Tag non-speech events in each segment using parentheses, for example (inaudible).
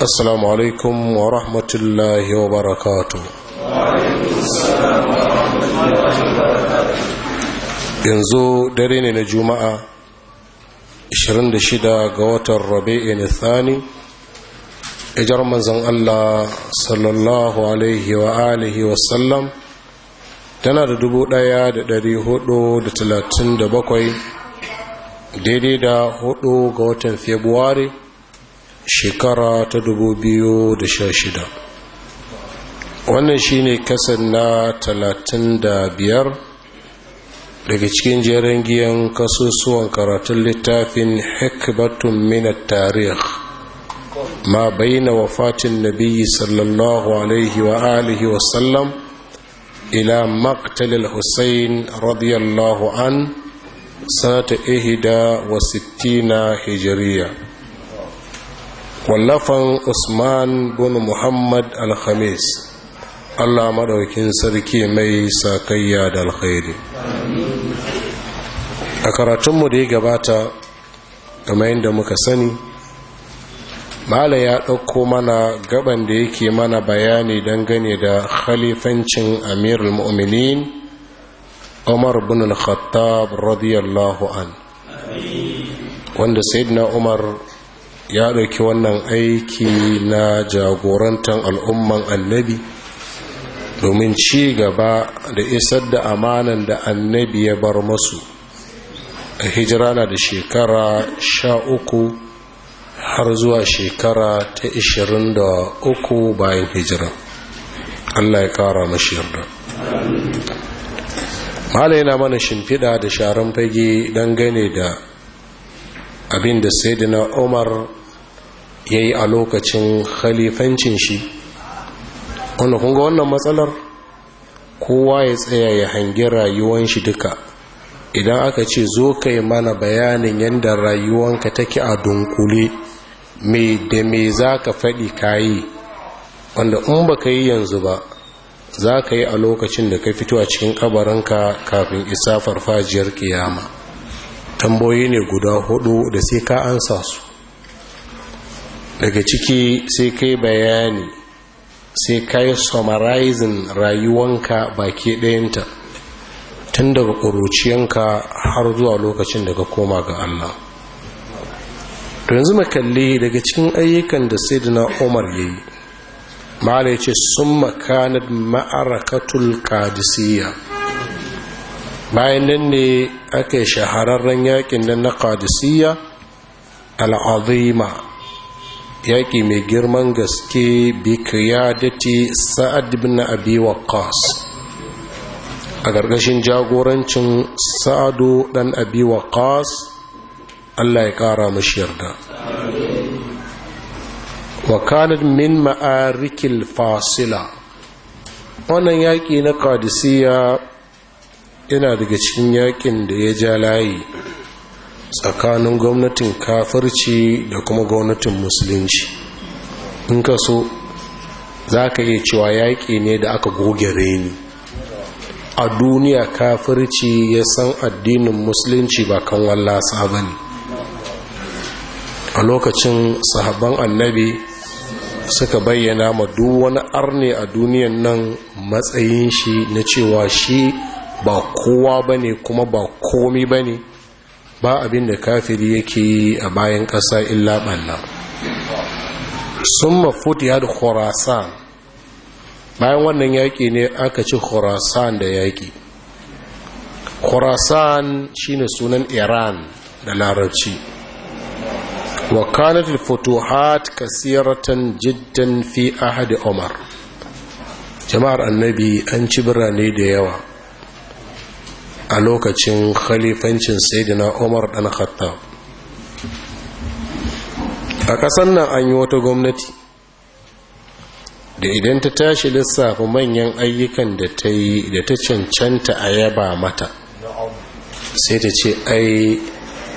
assalamu alaikum wa rahmatullahi wa yanzu dare ne na juma'a 26 ga watan rabi'in thani ijar manzan Allah sallallahu alaihi wa alihi wasallam tana da talatin bakwai daidai da hudu ga watan februari shekara ta da sha shida. wannan shine kasan na talatin da biyar daga cikin jerin giyan kasusuwan karatun littafin hikbatun minat tarih ma bayyana wafatin nabiyyi sallallahu alaihi wa alihi wasallam ila maktalil hussein radiyallahu an sanata ihida wa sittina hijiriya wallafan usman bin muhammad alhamis allah maɗaukin sarki mai sakayya da alkhairi a karatunmu da ya gabata kamar yadda muka sani mala ya ɗauko mana gaban da yake mana bayani dangane da khalifancin amirul mu'minin umar bin al-khattab radiyallahu an wanda sayyidina umar ya ɗauki wannan aiki na jagorantan al'umman annabi domin ci gaba da isar da amanan da annabi ya bar masu a hijira na da shekara sha uku har zuwa shekara ta ishirin da uku bayan hijira allah ya kara mashi yarda yana mana shimfiɗa da sharan fage dangane da abin da sai umar ya yi a lokacin khalifancin shi wanda kunga wannan matsalar kowa ya tsaya ya hangi rayuwan shi duka idan aka ce zo kai mana bayanin yadda rayuwanka take a dunkule mai da mai za ka faɗi kayi wanda in ba ka yi yanzu ba za ka yi a lokacin da ka fito a cikin kabarinka kafin isa farfajiyar kiyama tamboyi ne guda hudu da sai ka ansa su daga ciki sai kai bayani sai kai summarizing rayuwanka baki ɗayanta tun daga ƙuruciyanka har zuwa lokacin da ka koma ga Allah to yanzu makalli daga cikin ayyukan da sayyidina Umar ya yayi ya yace sun makanar ma'arakatul kadisiyya bayan nan ne aka shahararren yakin nan na kadisiyya al'azima yaƙi mai girman gaske bi kiyadati sa'ad ibn abi waqqas a gargashin jagorancin sa'adu dan abi waqqas Allah ya ƙara mashi yarda wa kanat min ma'arikil fasila wannan yaƙi na qadisiyya yana daga cikin yaƙin da ya ja layi tsakanin gwamnatin kafirci da kuma gwamnatin musulunci in ka so za ka iya cewa yaƙi ne da aka goge reni a duniya kafirci ya san addinin musulunci ba kan wallasa ba ne a lokacin sahaban annabi suka bayyana ma duk wani arne a duniyan nan matsayin shi na cewa shi ba kowa ba ne kuma ba komi ba ne ba abin da kafiri yake yi a bayan ƙasa illa ɓanna sun mafuti da khurasan bayan wannan yaƙi ne aka ci khurasan da yaƙi khurasan shine sunan iran da larabci وكانت الفتوحات كثيرة جدا fi ahadi omar jama'ar annabi an ci birane da yawa a lokacin khalifancin saidina umar dan khattab a kasan nan an yi wata gwamnati da idan ta tashi lissafi manyan ayyukan da ta yi da ta cancanta a yaba mata sai ta ce ai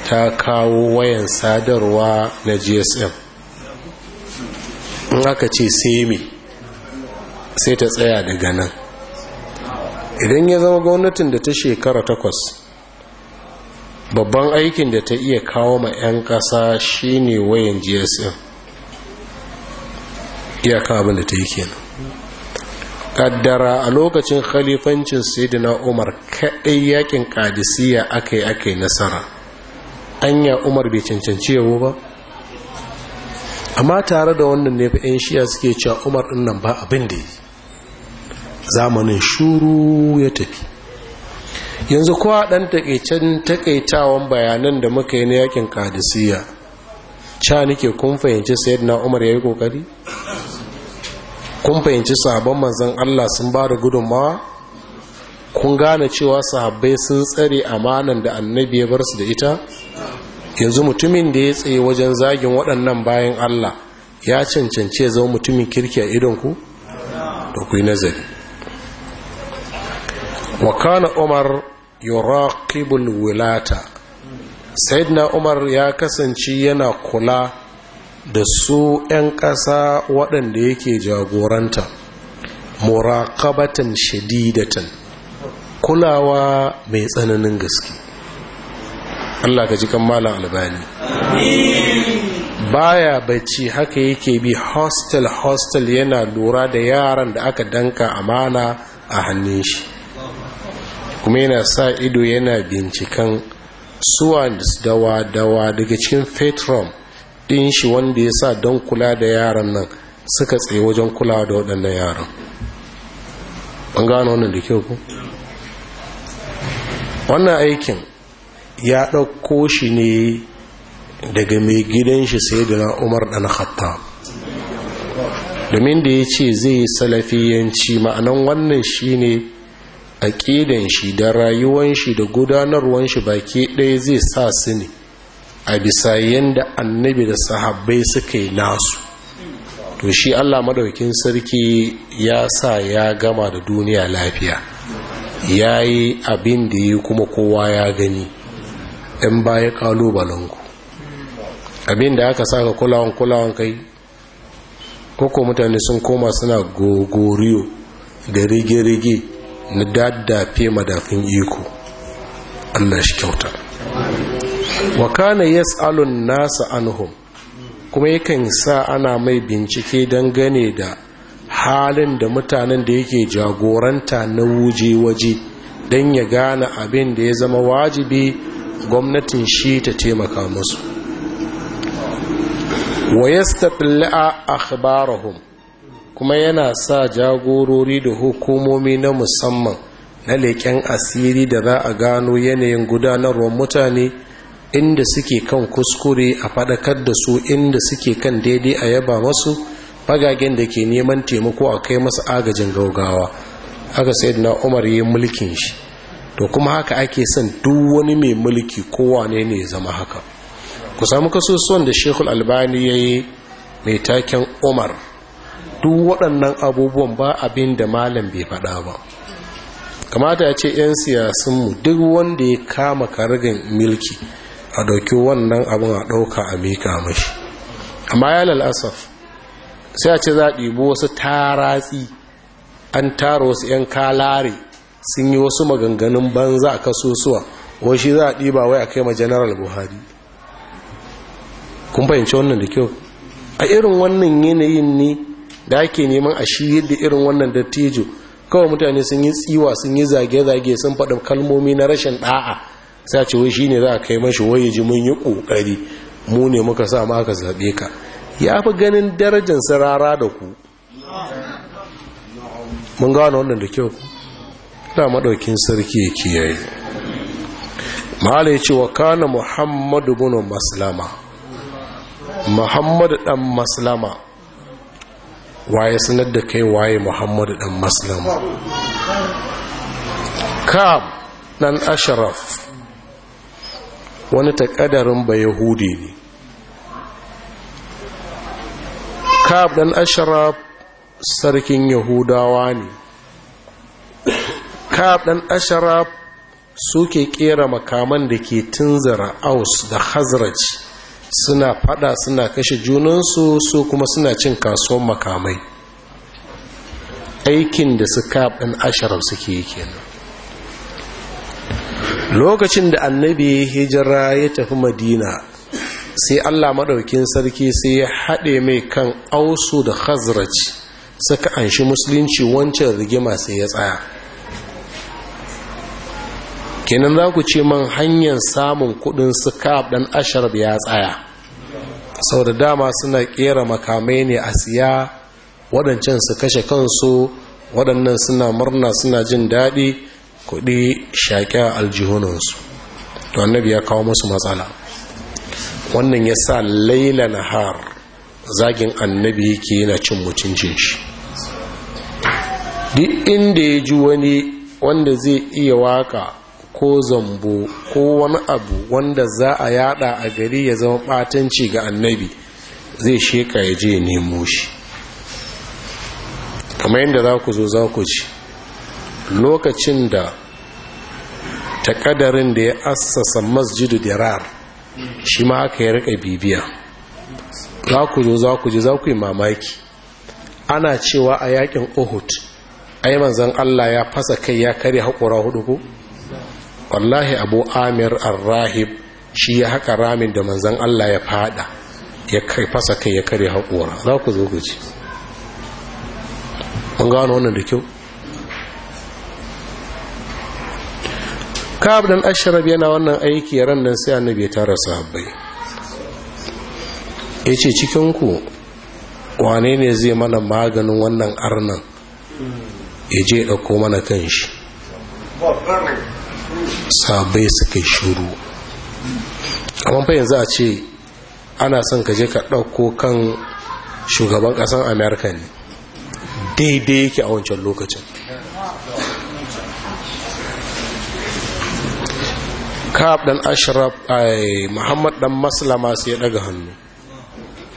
ta kawo wayan sadarwa na gsm in aka ce sai sai ta tsaya daga nan idan ya zama gwamnatin da ta shekara takwas babban aikin da ta iya kawo ma 'yan ƙasa shine wayan gsm iyaka kawo da ta yi kenan kaddara a lokacin khalifancin sayyidina umar kaɗai yakin kadisiya aka yi aka yi nasara anya umar bai cancanci yawo ba amma tare da wannan ne 'yan shiya suke cewa umar ɗin nan ba abin da yi zamanin shuru ya tafi yanzu kuwa ɗan takaicen taƙaitawan bayanan da muka yi na yakin ƙadisiyya ca nike kun fahimci sayid umar ya yi ƙoƙari? kun fahimci sahabban manzan allah sun ba da gudunmawa? kun gane cewa sahabbai sun tsare amanan da annabi ya bar su da ita? yanzu mutumin da ya tsaye wajen zagin waɗannan bayan allah ya cancance zama mutumin kirki a idonku? da ku yi nazari wa umar yuraqibul wilata sayyidina umar ya kasance yana kula da su 'yan ƙasa waɗanda yake jagoranta muraqabatan shadidatan kulawa mai tsananin gaske Allah ka ji kammala albani baya bacci haka yake bi hostel hostel yana lura da yaran da aka danka amana a hannun shi kuma yana sa ido yana binciken suwanis dawa-dawa daga cikin fetron ɗin shi wanda ya sa don kula da yaran nan suka tsaye wajen kula da waɗannan yaran an gano wannan da kyau ku wannan aikin ya ɗauko shi ne daga mai gidan shi sai da na umar ɗan hatta domin da ya ce zai yi salafiyanci ma'anan wannan shi ne aƙidan shi da rayuwan shi da gudanarwan shi baki ɗaya zai sa su ne a bisa yadda annabi da sahabbai suka yi nasu to shi allah maɗaukin sarki ya sa ya gama da duniya lafiya ya yi abin da yi kuma kowa ya gani ɗan baya ƙalubalenku abin da aka ka kulawan kulawan kai koko mutane sun koma suna gogoriyo da rige-rige na daddafe madafin iko Allah shi kyauta wa kana yas'alun nasa anhum kuma yakan sa ana mai bincike don gane da halin da mutanen da yake jagoranta na wuje waje don ya gane abin da ya zama wajibi gwamnatin shi ta taimaka musu wa a akhbarahum kuma yana sa jagorori da hukumomi na musamman na leƙen asiri da za a gano yanayin gudanarwar mutane inda suke kan kuskure a faɗakar da su inda suke kan daidai a yaba masu fagagen da ke neman taimako a kai masu agajin gaugawa haka sai na umar yi mulkin shi to kuma haka ake son duk wani mai mulki kowane ne zama haka ku samu kasusuwan da shekul albani ya yi mai taken umar duk waɗannan abubuwan ba abin da malam bai faɗa ba kamata ya ce 'yan siyasunmu duk wanda ya kama kargin milki a ɗauki wannan abin a ɗauka a mika mashi amma ya lalasaf sai a ce za a ɗibo wasu taratsi an tara wasu 'yan kalare sun yi wasu maganganun banza a kasusuwa wai shi za a ɗiba wai a kai ma general buhari kun fahimci wannan da kyau a irin wannan yanayin ne da ake neman a shi yadda irin wannan dattijo kawai mutane sun yi tsiwa sun yi zage-zage sun faɗi kalmomi na rashin ɗa'a sai ce wai shine za a kai mashi waye ji mun yi ƙoƙari mu ne muka sa ma aka zaɓe ka ya fi ganin darajar sarara da ku mun gano wannan da kyau ta maɗaukin sarki ya kiyaye mahala ya ce wa kana muhammadu bin maslama muhammadu ɗan maslama waye sanar da kai waye muhammadu dan maslama kab dan ashraf wani takadarin ba yahudi ne kab dan ashraf sarkin yahudawa ne kab dan ashraf suke kera makaman da ke tunzara aus da khazraj suna fada suna kashe junansu su kuma suna cin kasuwan makamai aikin da su kaɓin ashirar suke yi kenan lokacin da annabi hijira ya tafi madina sai allah maɗaukin sarki sai ya haɗe mai kan ausu da khazraj suka anshi musulunci wancan rigima sai ya tsaya kenan za ku ce man hanyar samun kudin su kaɓin asharar ya tsaya sau da dama suna kera makamai ne a siya waɗancan su kashe kansu waɗannan suna murna suna jin daɗi kuɗi shaƙi aljihuninsu to annabi ya kawo musu matsala wannan ya sa laila nahar zagin annabi yake yana cin mutuncin shi duk inda ya ji wani wanda zai iya waka ko zambo ko wani abu wanda za a yada a gari ya zama batanci ga annabi zai sheka ya je nemo shi kamar yadda za ku zo za ku ci lokacin da takadarin da ya assasa masjidu dirar shi ma aka yi rika bibiya za ku zo za ku ji za ku yi mamaki ana cewa a yakin ohud ai manzan allah ya fasa kai ya karya haƙura hudu ku? wallahi abu amir arrahib shi ya haka ramin da manzan allah ya fada ya fasa kai ya kare haƙora za ku zo guji an gano wannan da kyau ka'ab dan ashraf yana wannan aiki ran nan sai annabi ya tara sahabbai yace cikin ku wane ne zai mana maganin wannan arnan ya je dauko mana kanshi sabai suka shiru amma fa yanzu a ce ana son ka je ka ɗauko kan shugaban ƙasar amerika ne daidai yake a wancan lokacin ka'ab dan ashraf ai eh, muhammad dan maslama sai ya daga hannu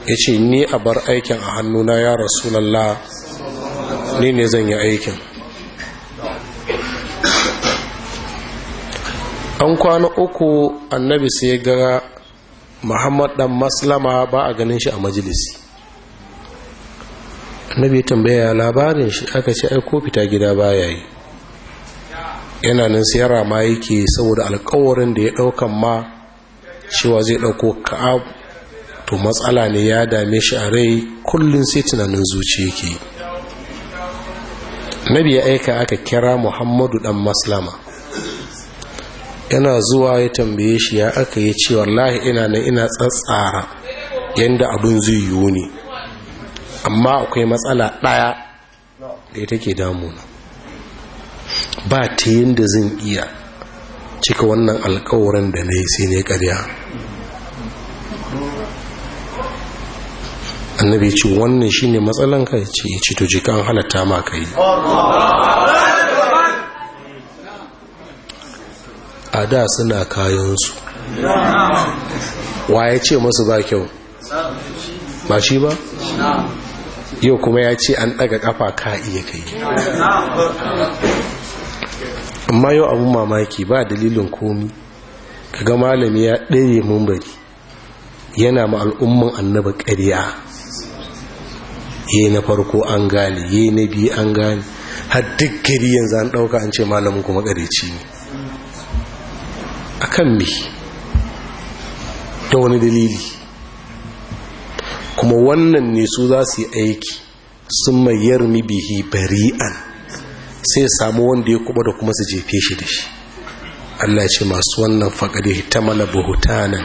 yace ni a bar aikin a hannuna ya rasulullah ni ne zan yi aikin an kwana uku annabi sai ga muhammad dan maslama ba a ganin shi a majalisi annabi ya tambaya labarin shi aka ce ai ko fita gida ba ya yi yana nan siyara ma yake saboda alkawarin da ya daukan ma cewa zai dauko ka'ab to matsala ne ya dame shi a rai kullum sai tunanin zuci yake nabi ya aika aka kira muhammadu dan maslama yana zuwa ya tambaye shi ya aka yi ce wallahi ina nan ina tsatsara yadda abin zai yiwu ne amma akwai matsala ɗaya da ita ke damuna ba ta yadda zan iya cika wannan alkawarin da na yi sai ne karya. annabi ce wannan shine matsalan ka ce ce to jikan halatta ma ka yi a da suna kayansu wa ya ce masu ba kyau ba shi ba yau kuma ya ce an ɗaga kafa ka iya kai amma yau abun mamaki ba dalilin komi kaga malami ya ɗaya mumbari yana ma al'umman annaba ƙarya yi na farko an gane yi na biyu an gane har duk gari yanzu an ɗauka an ce malamin kuma ƙareci ne akan me ta wani dalili kuma wannan ne su za su yi aiki sun mayar bihi bari'an sai samu wanda ya kuma da kuma su jefe shi da shi Allah ce masu wannan faƙaɗe ta mana buhutanan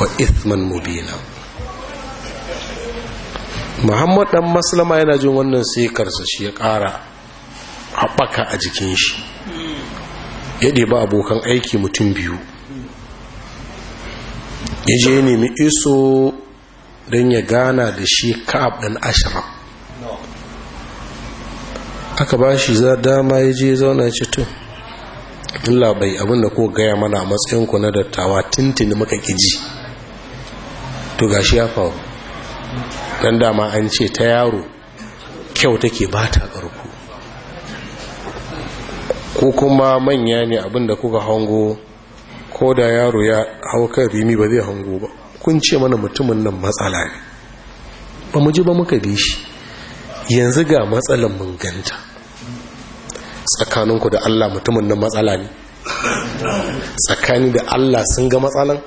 wa ithman mubina muhammad dan maslama yana jin wannan sai karsashi shi ya ƙara haɓaka a jikin shi ya ɗeba abokan aiki mutum biyu ya je nemi iso don ya gana da shi ka'ab ɗan ashirar aka ba shi za dama ya je zauna ya to illa bai abinda ko gaya mana a matsayinku na dattawa tintini muka ƙiji to ga shi ya faru don dama an ce ta yaro kyau take ba ta ƙarko ko kuma manya ne abinda kuka hango ko da yaro ya hau kan rimi ba zai hango ba kun ce mana mutumin nan matsala ne ba mu ji ba muka bi shi yanzu ga matsalan mun ganta tsakaninku da Allah mutumin nan matsala ne tsakani da Allah sun ga matsalan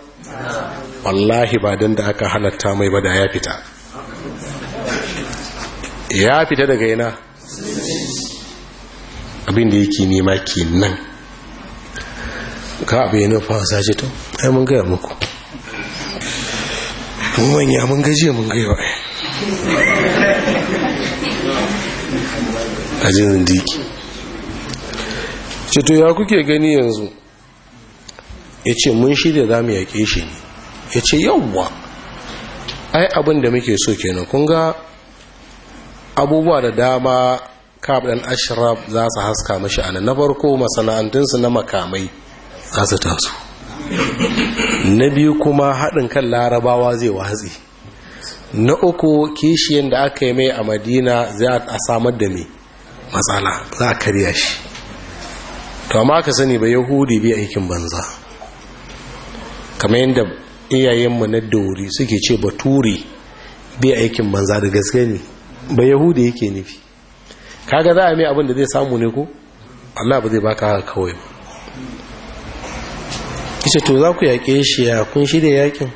wallahi ba dan da aka halatta mai ba da ya fita ya fita daga yana abin da yake nema nan ka abu nufa fasa ce to ai mun gaya muku mun manya mun gaji mun gaya wa a jinin diki ce to ya kuke gani yanzu ya ce mun shirya za mu yaƙe shi ne ya ce yawwa ai abin da muke so kenan kun ga abubuwa da dama kab dan ashraf za su haska mashi anan na farko masana'antunsu na makamai za su taso na biyu kuma haɗin kan larabawa zai watsi na uku kishiyan da aka yi mai a madina zai a samar da mai matsala za a karya shi to ma ka sani ba yahudi bi aikin banza kamar yadda iyayenmu na dauri suke ce ba turi bi aikin banza da gaske ne ba yahudi yake nufi kaga za a mai abin da zai samu ne ko Allah ba zai baka haka kawai ba kice to za ku yaƙe shi ya kun shirya yaƙin?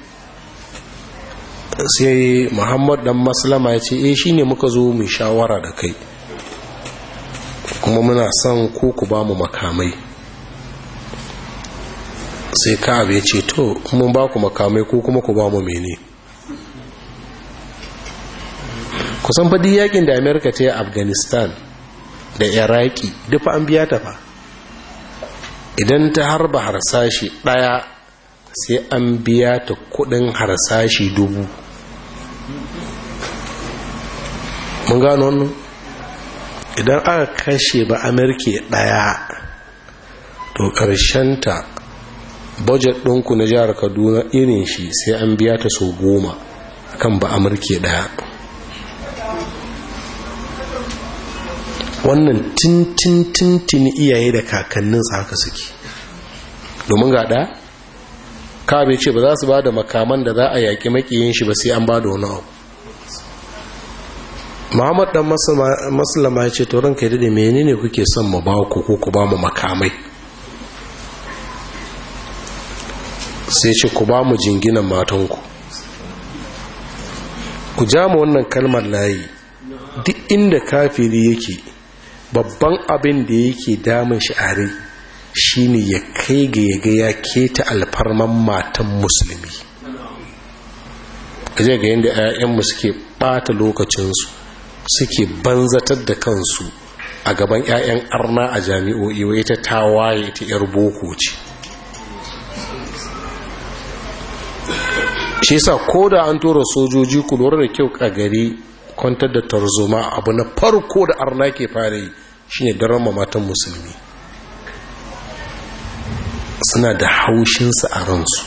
sai muhammad dan maslama ya ce eh shine muka zo mu shawara da kai kuma muna son ko ku ba mu makamai sai abu ya ce to mun ba ku makamai ko kuma ku ba mu mene kusan faɗi yakin da amerika ta yi afghanistan da iraki dufa an biya ta fa idan ta harba harsashi daya sai an biya ta kudin harsashi dubu mun gano wannan idan aka kashe ba amerika daya to ta budget ɗinku na jihar kaduna irin shi sai an biya ta sau goma kan ba amurke daya. wannan tintintintin iyaye da kakannin tsaka suke domin ga ɗaya ce ba za su ba da makaman da za a yaƙi makiyin shi ba sai an ba da wani abu muhammad dan maslama ya ce turin kai daɗe menene kuke son mu ba ku ko ku ba mu makamai sai ce ku ba mu jinginan matanku ku ja mu wannan kalmar layi duk inda kafiri yake babban abin da yake damun shi ne shine ya kai ga ya ya keta alfarman matan musulmi ka ga yadda 'ya'yanmu suke ɓata lokacinsu suke banzatar da kansu a gaban 'ya'yan arna a jami'o'i wai ta tawaye ita 'yar boko ce shi sa ko da an tura sojoji ku lura da kyau a gari kwantar da tarzoma abu na farko da arna ke fara yi shine daren matan musulmi suna da haushinsu a ransu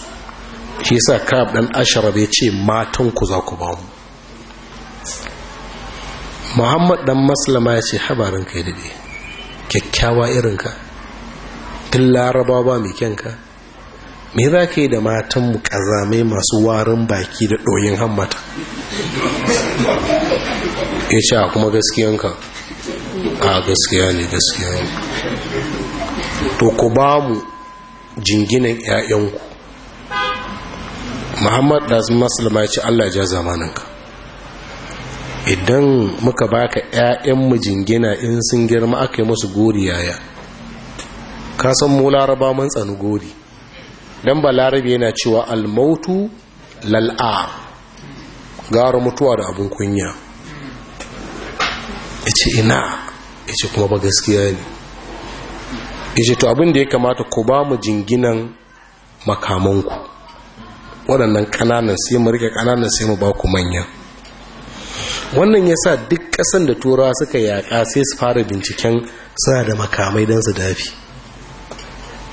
shi sa kab dan ashraf ya ce matan ku za ku ba mu muhammad dan maslama ya ce habarin kai dade kyakkyawa irinka tun laraba ba mai kyanka me za ka yi da matanmu kazamai masu warin baki da ɗoyin hammata ya ce kuma gaskiyanka a gaskiya ne gaskiya ne to ku ba mu jinginan 'ya'yanku muhammad ɗazin masulma ya ce allah ja zamanin ka idan muka baka mu jingina in sun girma aka yi musu gori yaya ka san mu laraba mun tsani gori don ba larabe yana cewa almautu lal'a gara mutuwa da abin kunya ya ce ina ya kuma ba gaskiya ne ya to abin da ya kamata ku ba mu jinginan makamanku waɗannan ƙananan sai mu rike ƙananan sai mu ba ku manya wannan ya sa duk ƙasan da turawa suka yaƙa sai su fara binciken suna da makamai don su dafi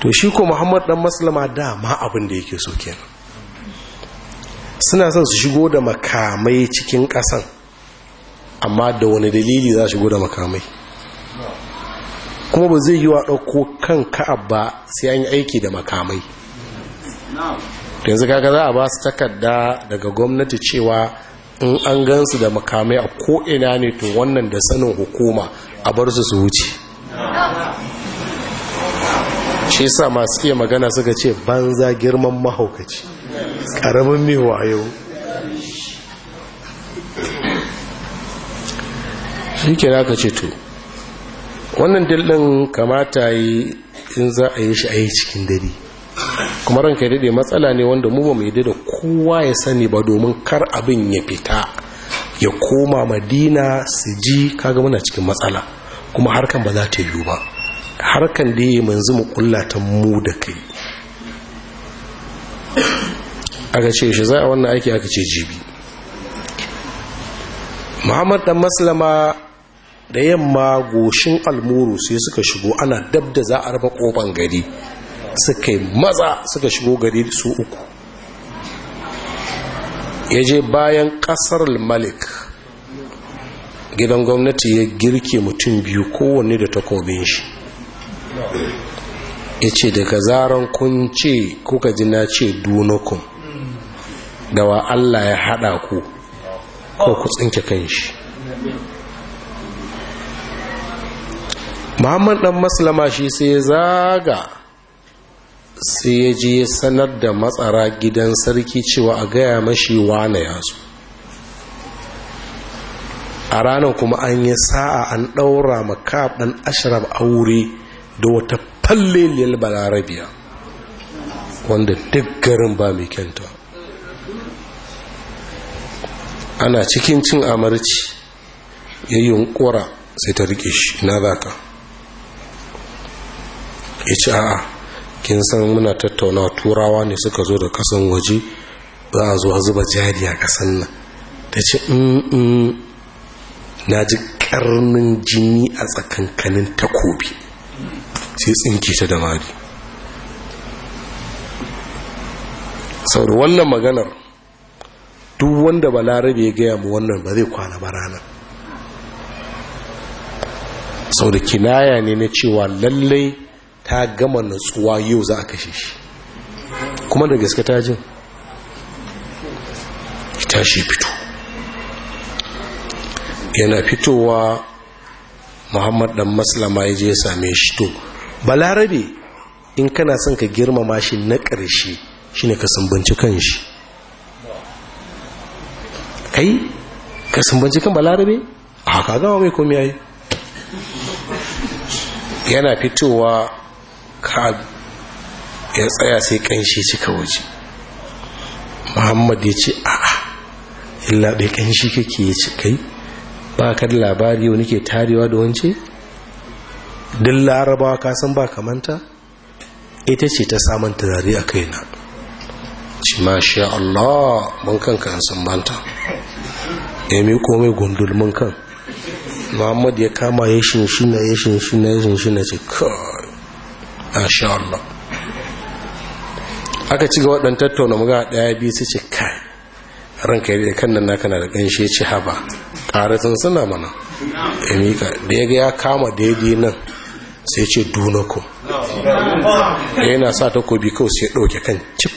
to shi ko muhammad dan maslama dama abin da yake so kenan suna son su shigo da makamai cikin ƙasan amma da wani dalili za su shigo da makamai kuma ba zai yi wa ɗauko kan ka'ab ba sai an yi aiki da makamai yanzu kaga za a ba su takarda daga gwamnati cewa in an gansu da makamai a ko'ina ne to wannan da sanin hukuma a bar su su wuce shi sa masu iya magana suka ce banza girman mahaukaci ƙaramin mewa yau shi ke ka ce to wannan dillin kamata yi in za a yi shi a yi cikin dare kuma ranka daɗe matsala ne wanda mu ba mai da kowa ya sani ba domin kar abin ya fita ya koma madina su ji kaga muna cikin matsala kuma harkan ba za ta yiwu ba harkan da ya manzu mu kulla ta mu da kai aka ce shi za a wannan aiki aka ce jibi muhammad dan maslama da yamma goshin almuru sai suka shigo ana dab da za a raba koban gari suka yi maza suka shigo gari su uku ya je bayan ƙasar malik gidan gwamnati ya girke mutum biyu kowanne da takobin shi ya ce daga zaren kun ce kuka ji na ce dunokun da wa Allah ya haɗa ku ko ku tsinke kan shi muhammad dan maslama shi sai ya zaga sai ya je sanar da matsara gidan sarki cewa a gaya mashi wane ya zo a ranar kuma an yi sa'a an ɗaura makab dan ashirar aure da wata falleliyar balarabiya wanda duk garin ba mai kyanta ana cikin cin amarci ya yunkura sai ta rike shi na zaka ya ce kin san muna tattauna turawa ne suka zo da kasan waje za a zo a zuba jari a kasan nan ta ce mm, mm, na ji karnin jini a tsakankanin takobi sai tsinke ta da mari sau da wannan maganar duk wanda balarabe ya gaya mu wannan ba zai kwana ba rana. sau da kinaya ne na cewa lallai ta gama nutsuwa yau za a kashe shi kuma da gaske ta jin ita shi fito yana fitowa muhammad dan maslama ya je ya same shi to balarabe in kana son ka girmama shi na ƙarshe ne ka sumbanci kan shi kai ka sumbanci kan balarabe a haka gama mai komi yayi yana fitowa kab ya tsaya sai kanshi cika waje muhammad ya ce a'a illa bai kanshi kake ya ce kai ba ka da labari wani ke tarewa da wance duk larabawa ka san ba kamanta ita ce ta samun tarari a kaina ci ma sha Allah mun kanka an san banta ya mi komai gundul mun kan muhammad ya kama ya shinshina ya shinshina ya shinshina ce kawai insha Allah aka ci ga dan tattauna muga daya bi su ce kai ranka yi da kan nan naka na da kanshi ya ci haba sun suna mana ya miƙa da ya ga ya kama daidai nan sai ce dunako da yana sa takobi kawai sai ɗauke kan cip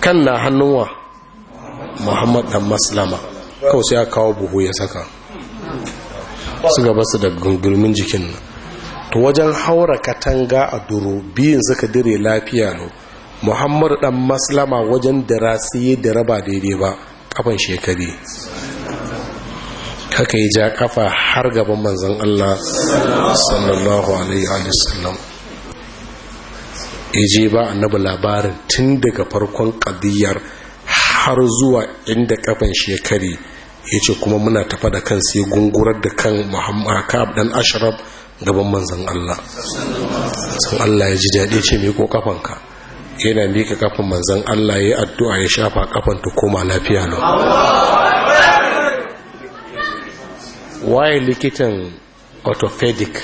kan na hannuwa muhammad dan maslama kawai sai ya kawo buhu ya saka su gaba su da gungulmin jikin nan to wajen haura katanga a duro biyun suka dire lafiya no muhammadu dan maslama wajen dira siye da raba daidai ba kafan shekari haka yi ja kafa har gaban manzan Allah sallallahu alaihi wasallam je ba annabi labarin tun daga farkon kadiyar har zuwa inda kafan shekari ya ce kuma muna tafa da kan sai gungurar da kan muhammadu dan ashraf gaban manzan Allah sun Allah ya ji daɗi ce miko kafanka yana mika kafan manzan Allah ya addu'a ya shafa kafan ta koma lafiya na waye likitan orthopedic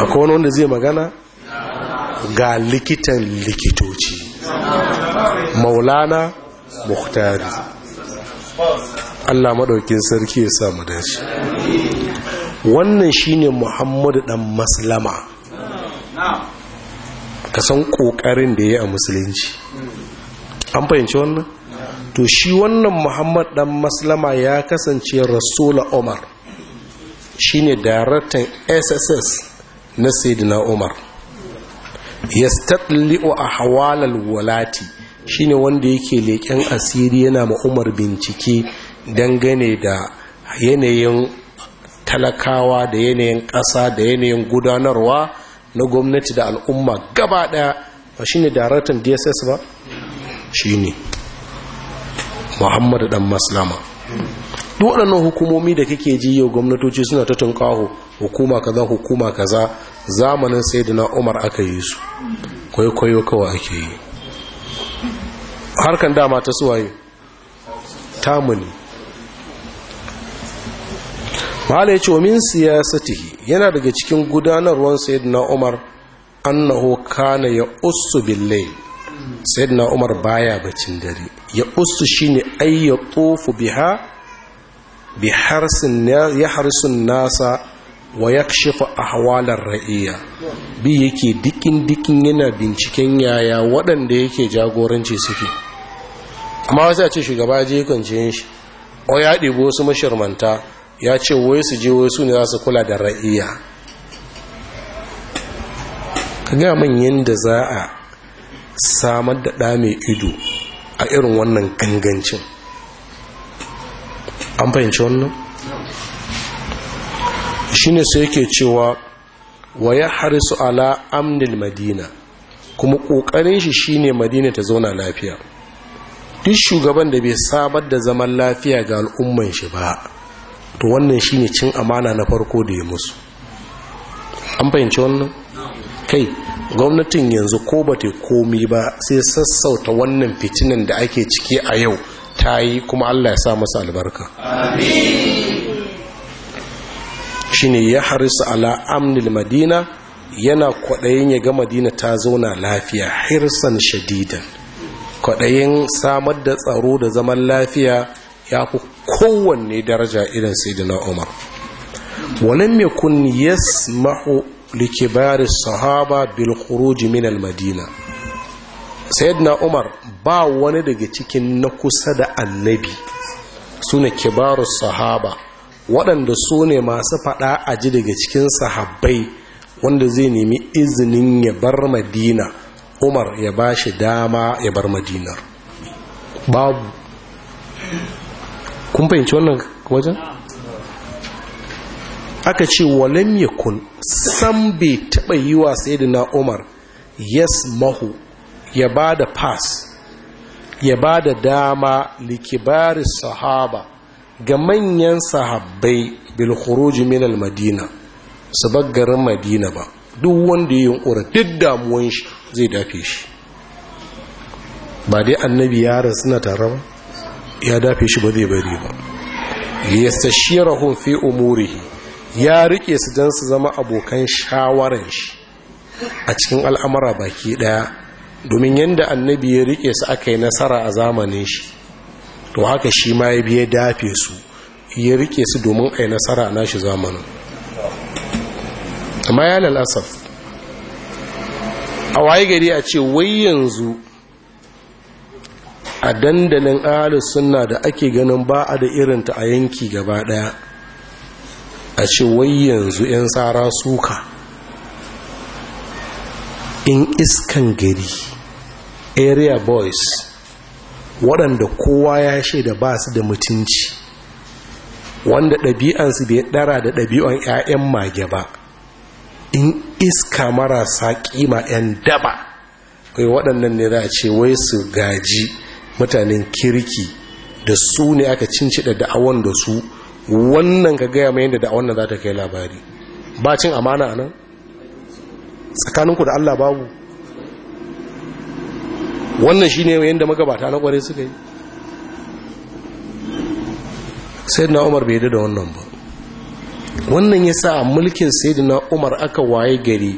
akwai wani wanda zai magana ga likitan likitoci maulana muhtari Allah maɗaukin sarki ya samu dace wannan shine muhammadu dan maslama ka san kokarin da ya a musulunci an fahimci wannan to shi wannan Muhammadu dan maslama ya kasance rasula umar shine daraktan sss na sayyidina umar a hawalar walati shine wanda yake leƙen asiri yana ma umar bincike dangane da yanayin talakawa da yanayin ƙasa da yanayin gudanarwa na gwamnati da al'umma gaba ɗaya ba shi ne daratan dss ba shi ne muhammadu dan maslama duk waɗannan hukumomi da kake ji yau gwamnatoci suna ta tunkaho hukuma kaza hukuma kaza zamanin sai da na umar aka yi su kwaikwayo kawai ake yi harkan dama ta suwaye tamuni mahala ya ce wa min siyasatihi yana daga cikin gudanarwan sayyidina umar annahu kana ya usu billahi sayyidina umar baya bacin dare ya usu shine ay ya tufu bi harsun nasa wa yakshifu ahwalar ra'iya bi yake dikin dikin yana binciken yaya waɗanda yake jagoranci suke amma wasu a ce shugaba je kwanciyar shi o ya ɗibo wasu mashirmanta ya ce wai su je wai su ne za su kula da ra'iya ka gaya min yadda za a samar da ɗa mai ido a irin wannan gangancin an fahimci wannan shi ne sai ke cewa wa ya harisu ala amnil madina kuma ƙoƙarin shi shine madina ta zauna lafiya duk shugaban da bai samar da zaman lafiya ga al'ummanshi ba to wannan shine cin amana na farko da ya musu an fahimci wannan kai gwamnatin yanzu ko ba ta komi ba sai sassauta wannan fitinan da ake ciki a yau ta yi kuma allah ya sa masa albarka shine ya harisa ala amnil madina yana kwaɗayin ya ga madina ta zauna lafiya hirsan shadidan kwaɗayin samar da tsaro da zaman lafiya ya fi kowanne daraja irin sayidina umar walam yakun yasma'u likibar sahaba bil min al madina sayyidina umar ba wani daga cikin na kusa da annabi sune kibar sahaba waɗanda su ne masu faɗa a ji daga cikin sahabbai wanda zai nemi izinin ya bar madina umar ya ba shi dama ya bar madinar babu kun fahimci wannan wajen aka ce walam kun san bai taɓa yi wa sayyidina umar yes mahu ya ba da pass ya ba da dama likibari sahaba ga manyan sahabbai bil minal min al madina su garin madina ba duk wanda ya yunkura duk damuwan shi zai dafe shi ba dai annabi yaran suna tare ba ya dafe shi ba zai bari ba ya hun fi umurihi ya rike su don su zama abokan shawaran shi a cikin al'amara baki daya domin yadda annabi ya rike su aka yi nasara a zamanin shi to haka shi ma ya biya dafe su ya rike su domin a yi nasara a nashi zamanin amma ya lalasaf a waye gari a ce wai yanzu a dandalin ahalus sunna da ake ganin ba a da irinta a yanki gaba daya a ce wai yanzu 'yan tsara suka in iskan gari area boys waɗanda kowa ya shaida ba su da mutunci wanda ɗabi'ansu bai ɗara da ɗabi'an 'ya'yan mage ba in iska marasa ƙima 'yan daba kai waɗannan ne za a ce wai su gaji mutanen kirki da su ne aka da da'awan da su wannan ka gaya mai yadda da'awan nan za ta kai labari ba cin amana a nan tsakaninku da allah babu wannan shi ne yadda magabata na kware suka yi sai na umar bai da wannan ba wannan ya sa mulkin sai na umar aka waye gari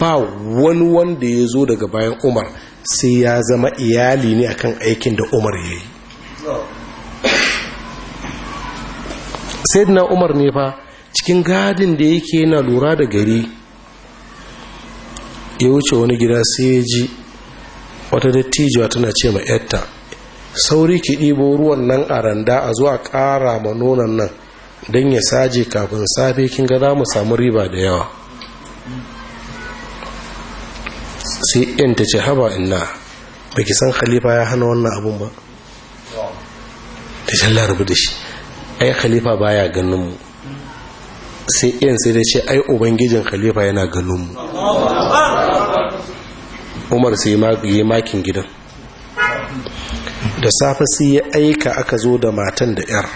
ba wani wanda ya zo daga bayan umar sai ya zama iyali ne akan aikin da umar ya yi sai na umar ne fa cikin gadin da yake yana lura da gari ya wuce wani gida sai ya ji wata dattijuwa tana ce ma yatta sauri ki ɗibo ruwan nan a randa a zuwa ƙara ma nonon nan don ya saje kafin safe kin ga za mu samu riba da yawa sai yan ta ce haba inna ba ki san khalifa ya hana wannan abun ba ta ce Allah rabu da shi ai khalifa baya ganin mu sai yan sai da ce ai ubangijin khalifa yana ganin mu umar sai yi makin gidan da safe sai ya aika aka zo da matan da yar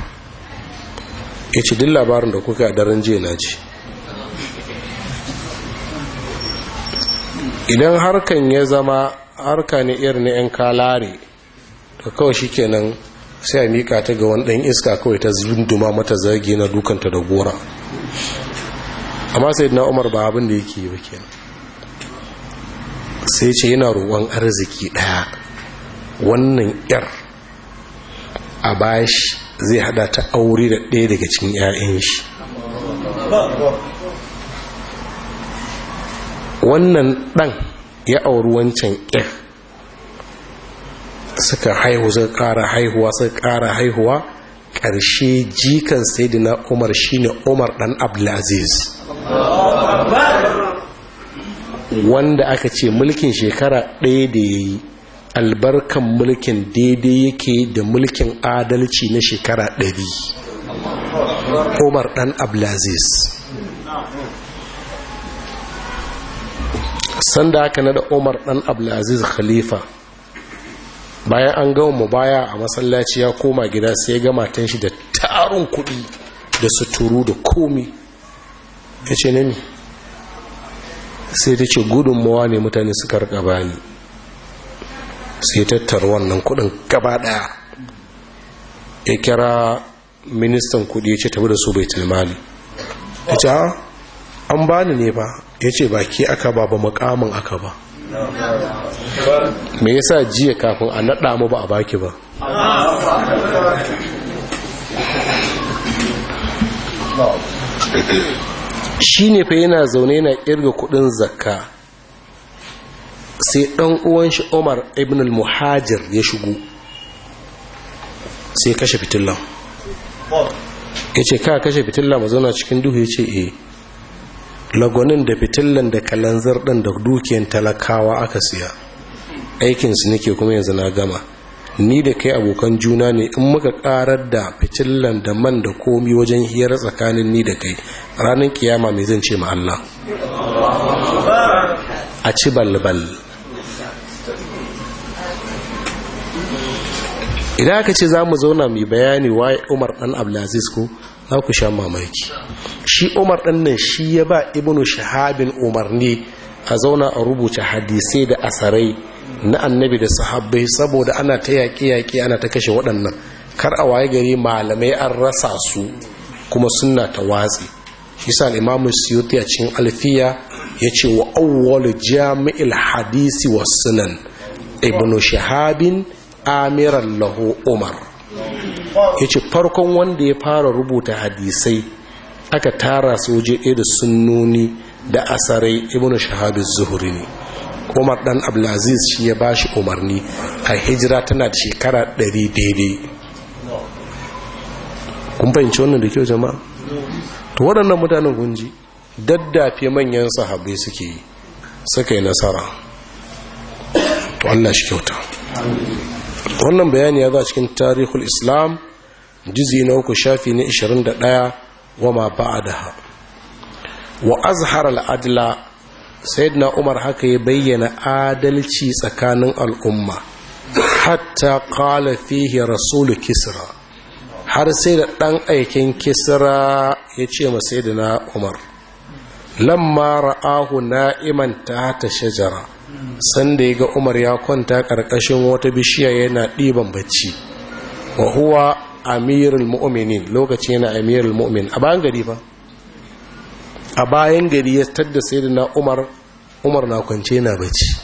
ya ce duk labarin da kuka daren jiya na je. idan harkan ya zama harka ne irin na 'yan kalare to kawai shi kenan sai a mika ta ga wani ɗan iska kawai ta zunduma mata zagi na dukanta da gora amma sai na umar ba abin da yake yi ba kenan sai ce yana roƙon arziki ɗaya wannan 'yar a bashi zai hada ta aure da ɗaya daga cikin 'ya'yan shi wannan dan ya auri wancan ƙir suka haihu suka ƙara haihuwa suka ƙara haihuwa ƙarshe jikan saidina umar shine umar ɗan abdulaziz wanda aka ce mulkin shekara ɗaya da ya yi albarkan mulkin daidai yake da mulkin adalci na shekara ɗari umar ɗan abdulaziz sanda na da umar dan abdulaziz khalifa bayan an ga mu baya a masallaci ya koma gida sai ya ga matan shi da tarun kuɗi da suturu da komi ya ce nemi sai ta ce gudunmawa ne mutane suka rika bani sai tattar wannan kuɗin gaba ɗaya ya kira ministan kuɗi ya ce tabi da su bai tilmali ya ce an bani ne ba ya ce ba ke aka ba ba makamin aka ba me yasa jiya kafin a naɗa mu ba a baki ba shi ne fa yana zaune yana irga kudin zakka sai ɗan uwan shi umar ibn al-muhajir ya shigo sai kashe fitillan ya ce ka kashe fitillan ma zauna cikin duhu ya ce eh lagonin da fitillan da kalanzar ɗin da dukiyan talakawa aka siya aikinsu nake kuma yanzu na gama ni da kai abokan juna ne in muka karar da fitillan da man da komi wajen hiyar tsakanin ni da kai ranar kiyama mai zan ce ma Allah a ci balbal idan aka ce za mu zauna mai bayani waye umar dan abdulaziz ko za ku sha mamaki shi umar ɗannan shi ya ba ibnu shahabin ne a zauna a rubuta hadisai da asarai na annabi da sahabbai saboda ana ta yaƙi-yaƙi ana ta kashe waɗannan kar a waye gari malamai an rasa su kuma suna ta watsi shi sa al'imamu siyoti a cikin alfiya ya ce wa awwal jami'il hadisi wa sunan ibnu shahabin amiran lahu umar ya ce farkon wanda ya fara rubuta hadisai aka tara soje ɗaya da sunnoni da asarai ibn shahadu zuhuri ne umar dan abdulaziz shi ya bashi umarni a hijira tana da shekara 100 daidai kun fahimci wannan da kyau jama'a to waɗannan mutanen gunji daddafe manyan sahabbai suke yi suka yi nasara to Allah shi kyauta wannan bayani ya za cikin tarihul islam jizi na uku shafi na 21 wa ma ha. wa azhar al-adla sayyidina umar haka ya bayyana adalci tsakanin al'umma hatta qala fihi rasul kisra har sai da ɗan aikin kisra ya ce ma sayyidina umar lamma ra'ahu na'iman ta shajara sanda ya ga umar ya kwanta ƙarƙashin wata bishiya yana ɗiban bacci wa huwa amirul mu'minin lokaci yana amirul mu'min a bayan gari ba. a bayan gari ya tadda na umar umar na kwance yana bacci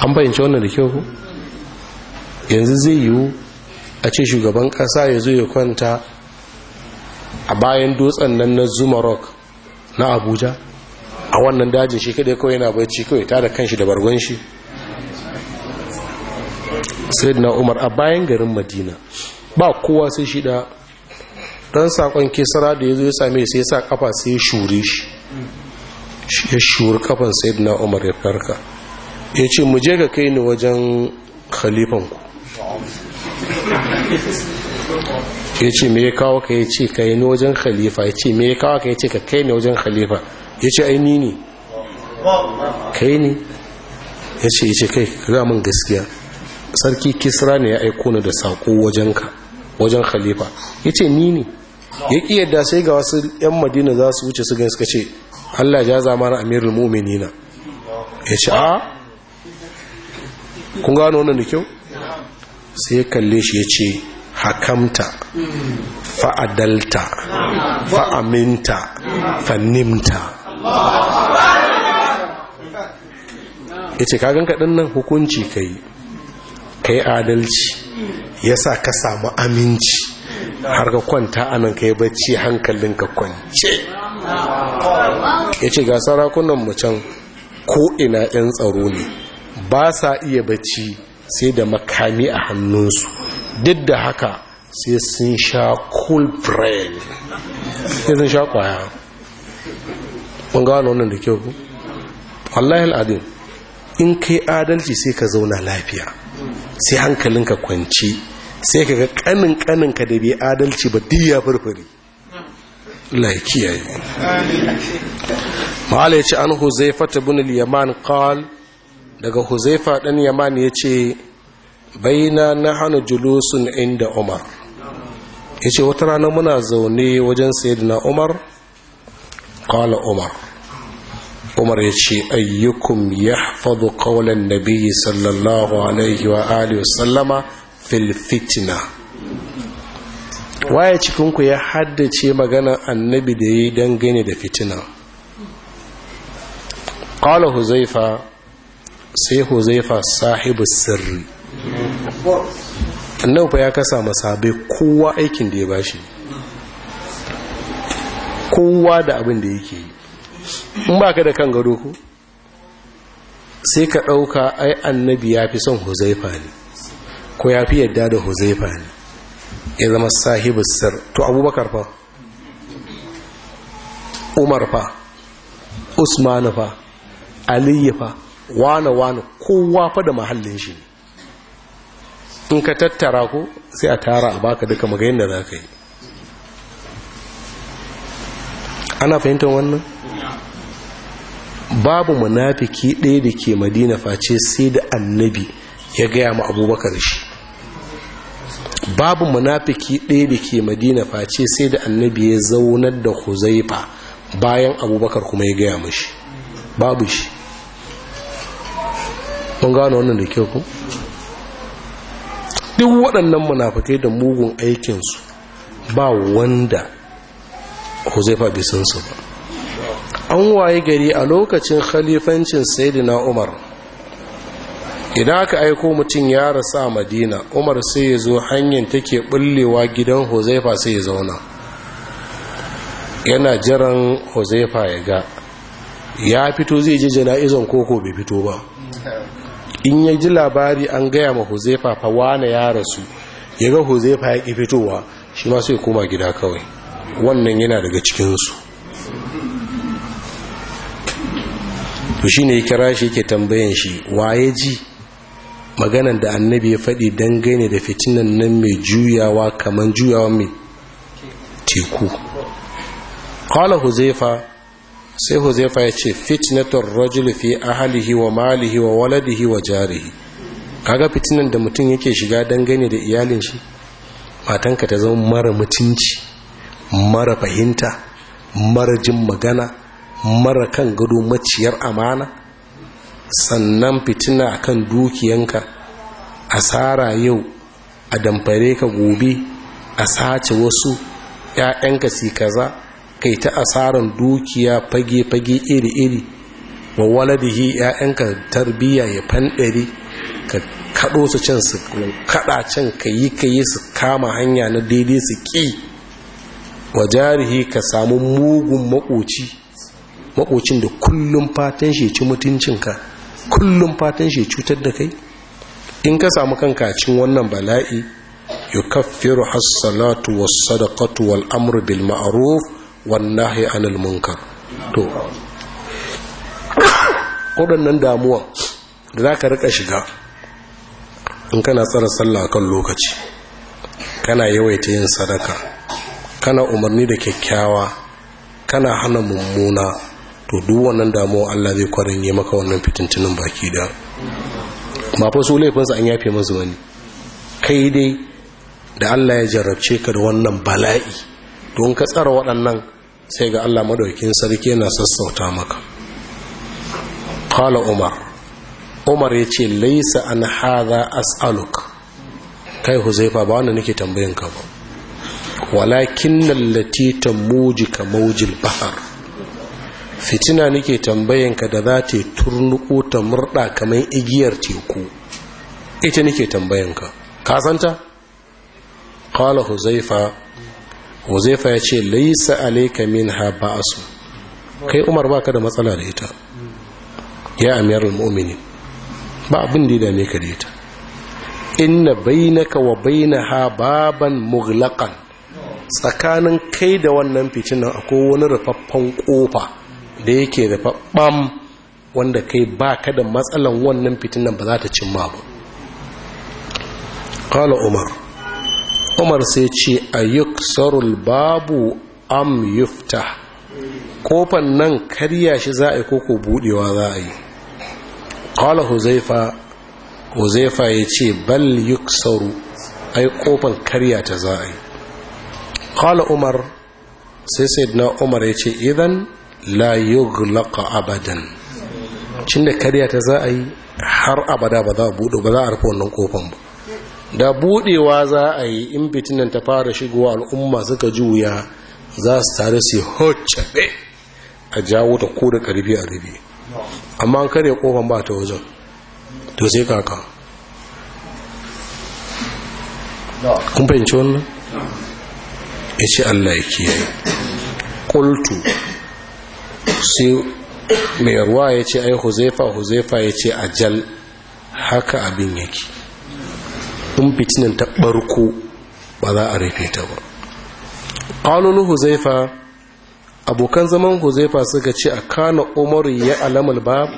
an bayanci wannan da kyau yanzu zai yiwu a ce shugaban ƙasa ya zo ya kwanta a bayan dutsen nan na Zuma rock na abuja a wannan dajin shi kadai kawai yana bacci kawai ta da kanshi da bargon shi sayyidina umar a bayan garin madina ba kowa sai shi da ɗan saƙon kesara da zo ya same sai ya sa kafa sai ya shuri. shi ya shuri kafan sayyidina umar ya farka ya ce mu je ga kai ni wajen khalifanku ya ce me ya kawo ka ya ce ka yi ni wajen khalifa ya ce me ya kawo ka ya ce ka kai ni wajen khalifa ya ce aini ne kai ne ya ce kai kaga mun gaskiya sarki kisra ne ya aiko ni da sako wajenka wajen khalifa ya ce ni ne ya ƙi yadda sai ga wasu 'yan madina za su wuce su gan suka ce allah ya zama na amirul muminina ya ce a kun gano wannan da kyau sai ya kalle shi ya ce hakamta fa'adalta fa'aminta fannimta ya ce kagan kaɗin nan hukunci ka yi ka yi adalci ya sa ka samu aminci har ka kwanta anan ka yi bacci hankalin ka kwance ya ce ga sarakunan mucan ko'ina 'yan tsaro ne ba sa iya bacci sai da makami a hannunsu duk da haka sai sun sha cool brain sai sun sha kwaya mun wani wannan da kyau ku wallahi al'adun in kai adalci sai ka zauna lafiya sai hankalinka kwanci sai kaga ga kanin kanin ka da bai adalci ba diya farfari laikiya yi ya ce an huzaifa ta al yaman qal daga huzaifa dan yaman ya ce baina na hana julusun inda umar yace wata rana muna zaune wajen sayyidina umar قال عمر عمر يشي أيكم يحفظ قول النبي صلى الله عليه وآله وسلم في الفتنة waye cikinku ya haddace magana annabi da yi dangane da fitina ƙala huzaifa sai huzaifa sahibu sirri annabi ya kasa masabe kowa aikin da ya bashi kowa da abin da yake yi in ba ka da kan gado ku sai ka ɗauka ai annabi ya fi son huzaifa ne ko ya fi yadda da huzaifa ne ya zama sahibu sir to abubakar fa umar fa usman fa aliyu fa wane wane kowa fa da mahallin shi in ka tattara ko sai a tara a baka duka magayin da za ka yi ana fahimtar wannan babu munafiki ɗaya da ke madina face sai da annabi ya gaya ma abubakar shi babu munafiki ɗaya da ke madina face sai da annabi ya zaunar da huzaifa bayan abubakar kuma ya gaya mashi babu shi mun gano wannan da kyau ku duk waɗannan munafikai da mugun aikinsu ba wanda huzaifa bai san su ba an waye gari a lokacin khalifancin sayyidina umar idan aka aiko mutum ya rasa a madina umar sai ya zo hanyar take bullewa gidan huzaifa sai ya zauna yana jiran huzaifa ya ga ya fito zai ji jana'izan koko bai fito ba in ya ji labari an gaya ma huzaifa fa wane ya rasu ya ga huzaifa ya ƙi fitowa shi ma sai koma gida kawai wannan yana daga cikinsu to shi ne kira shi yake tambayan shi waye ji maganan da annabi ya faɗi dangane da fitinan nan mai juyawa kamar juyawa mai teku kala huzaifa sai huzaifa ya ce fitinatar rajul fi ahalihi wa malihi wa waladihi wa jarihi kaga fitinan da mutum yake shiga dangane da iyalin shi matanka ta zama mara mutunci mara fahimta mara jin magana mara kan gado maciyar amana sannan fitina kan dukiyanka asara yau a damfare ka gobe a sace wasu ‘ya'yanka si kaza kai ta asaran dukiya fage-fage iri-iri wa waladihi ‘ya'yanka tarbiyya ya fanɗari ka kaɗo su can su kaɗa can ka yi ka yi su kama hanya na daidai su ƙi wa jarihi ka samu mugun makoci makocin da kullum fatan shi ci mutuncinka kullum fatan shi cutar da kai in ka samu kanka cin wannan bala'i yukaffiru hassalatu was-sadaqatu wal-amru bil-ma'ruf wan-nahyi 'anil munkar to waɗannan damuwa da za ka rika shiga in kana tsara sallah kan lokaci kana yawaita yin sadaka kana umarni da kyakkyawa kana hana mummuna to duk wannan damuwa Allah zai kwarin yi maka wannan fitintinin baki da mafi su laifinsa an yafe musu wani kai dai da Allah ya jarrabce ka da wannan bala'i don ka tsara waɗannan sai ga Allah madaukin sarki yana sassauta maka kala umar umar ya ce laisa an haza as'aluk kai huzaifa ba wanda nake tambayin ka ba walakin lallati ta muji ka maujil bahar fitina nake tambayanka da za ta ta murda kamar igiyar teku ita nake tambayanka ka santa qala huzaifa huzaifa ya ce laisa min ha ba'su kai umar baka da matsala da ita ya amirul mu'minin ba abin da ya dame ka da ita inna bainaka wa bainaha baban mughlaqan tsakanin kai da wannan nan akwai wani rufaffen kofa da yake rufaffen wanda kai ba ka da matsalan wannan nan ba za ta cimma ba kala umar umar sai ce a sarul babu am yufta kofan nan karya shi za a yi koko budewa za a yi kala huzaifa huzaifa ya ce bal saru ai kofan karya ta za a yi qala umar sai sayyidina umar ya ce idan la yughlaqa abadan cin da karya ta za yi har abada ba za a buɗe ba za a rufe wannan kofan ba da buɗewa za a yi in fitinan ta fara shigowa al'umma suka ji wuya za su tare su hoccaɓe a jawo ta ko da karfi a rufe amma an karya kofan ba ta wajen to sai kaka kun fahimci wannan ya allah ya kiyaye ƙultu sai mai ruwa ya ce ai huzaifa huzaifa ya ce ajal haka abin yake in fitinin ta barko ba za a rufe ta ba ƙanunu huzaifa abokan zaman huzaifa suka ce a kana umaru ya alamul ba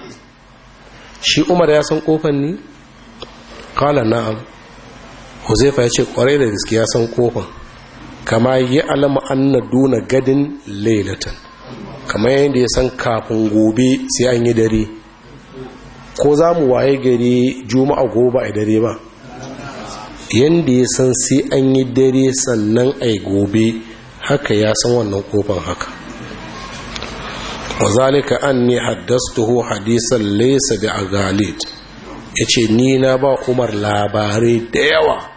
shi umar ya san kofan ni kala na'am huzaifa ya ce ƙwarai da gaske ya san kofan kama yi alama na duna gadin lailatan kama yadda ya san kafin gobe sai an yi dare ko za mu waye gari juma'a gobe a dare ba yadda ya san sai an yi dare sannan a gobe haka ya san wannan kofan haka wazalika an ne haddastuhu hadisan laisa da a ya ce ni na ba umar labarai da yawa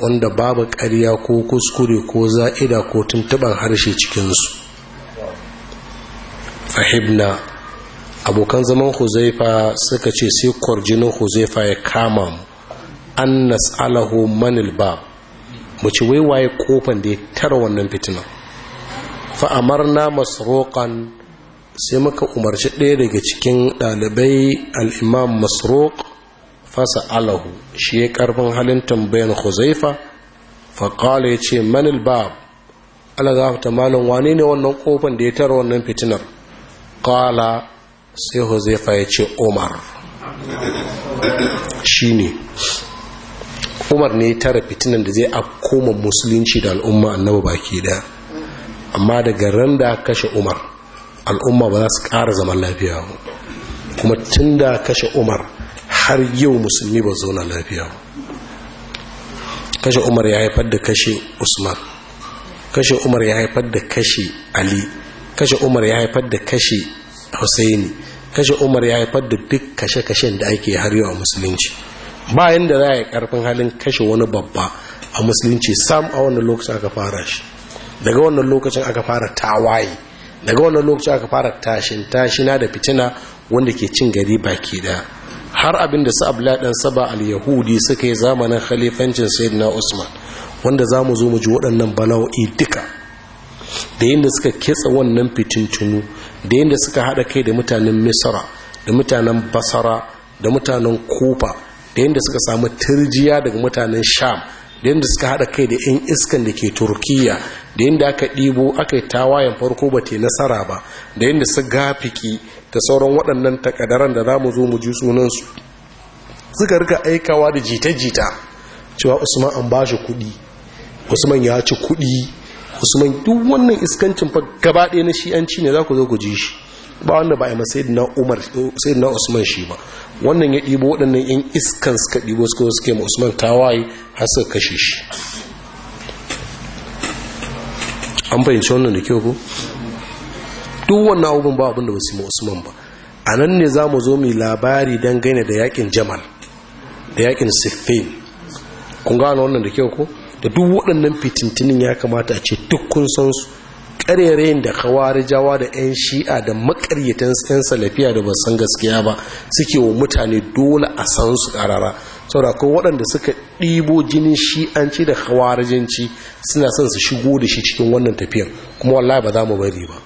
wanda babu ƙarya ko kuskure ko za'ida ko tuntuɓar harshe cikinsu fahimna abokan zaman huzaifa suka ce sai kwarjinin huzaifa ya kama mu an nas'alahu manil ba mu ci waiwaye kofan da ya tara wannan fitinan fa'amarna masroƙan sai muka umarci ɗaya daga cikin ɗalibai al'imam masroƙ fasa alahu shi ya karfin halin tambayan huzaifa faƙala ya ce manil ba ala za ta malin wane ne wannan kofan da ya tara wannan fitinar ƙala sai huzaifa ya ce umar (coughs) shi ne umar ne tara fitinar da zai akoma musulunci da al'umma annaba baki daya amma daga ran da kashe umar al'umma ba za su ƙara zaman lafiya kuma tun da kashe umar har yau musulmi ba zauna lafiya ba kashe umar ya haifar da kashe usman kashe umar ya haifar da kashe ali kashe umar ya haifar da kashe husaini kashe umar ya haifar da duk kashe-kashen da ake har yau a musulunci bayan da za a yi karfin halin kashe wani babba a musulunci sam a wannan lokacin aka fara shi daga wannan lokacin aka fara tawaye daga wannan lokacin aka fara tashin tashina da fitina wanda ke cin gari baki daya har abin da sa'ab ɗan saba al-yahudi suka yi zamanin khalifancin sayyidina usman wanda za mu zo mu ji waɗannan bala'o'i duka da yadda suka ketsa wannan fitintunu da yadda suka haɗa kai da mutanen misra da mutanen basara da mutanen kufa da yadda suka samu turjiya daga mutanen sham da yadda suka haɗa kai da 'yan iskan da ke turkiya da yadda aka ɗibo aka yi tawayen farko ba te nasara ba da yadda su gafiki da sauran waɗannan takadaran da za mu zo mu ji sunansu suka rika aikawa da jita-jita cewa usman an ba shi kuɗi usman ya ci kuɗi usman duk wannan iskancin fa gaba ɗaya na shi'anci ne za ku zo ku ji shi ba wanda ba a yi sayidina umar sayidina usman shi ba wannan ya ɗibo waɗannan yan iskan suka ɗibo suka suke ma usman tawaye har suka kashe shi an fahimci wannan da kyau ko duk wannan abubuwan ba abinda ba su yi usman ba a nan ne za mu zo mu labari don gane da yakin jamal da yakin siffin kun gano wannan da kyau ko da duk waɗannan fitintinin ya kamata a ce duk kun san su ƙarerayin da kawarijawa da 'yan shi'a da makaryatan 'yan salafiya da basan gaskiya ba suke wa mutane dole a san su karara, saboda akwai waɗanda suka ɗibo jinin shi'anci da kawarijinci suna son su shigo da shi cikin wannan tafiyan kuma wallahi ba za mu bari ba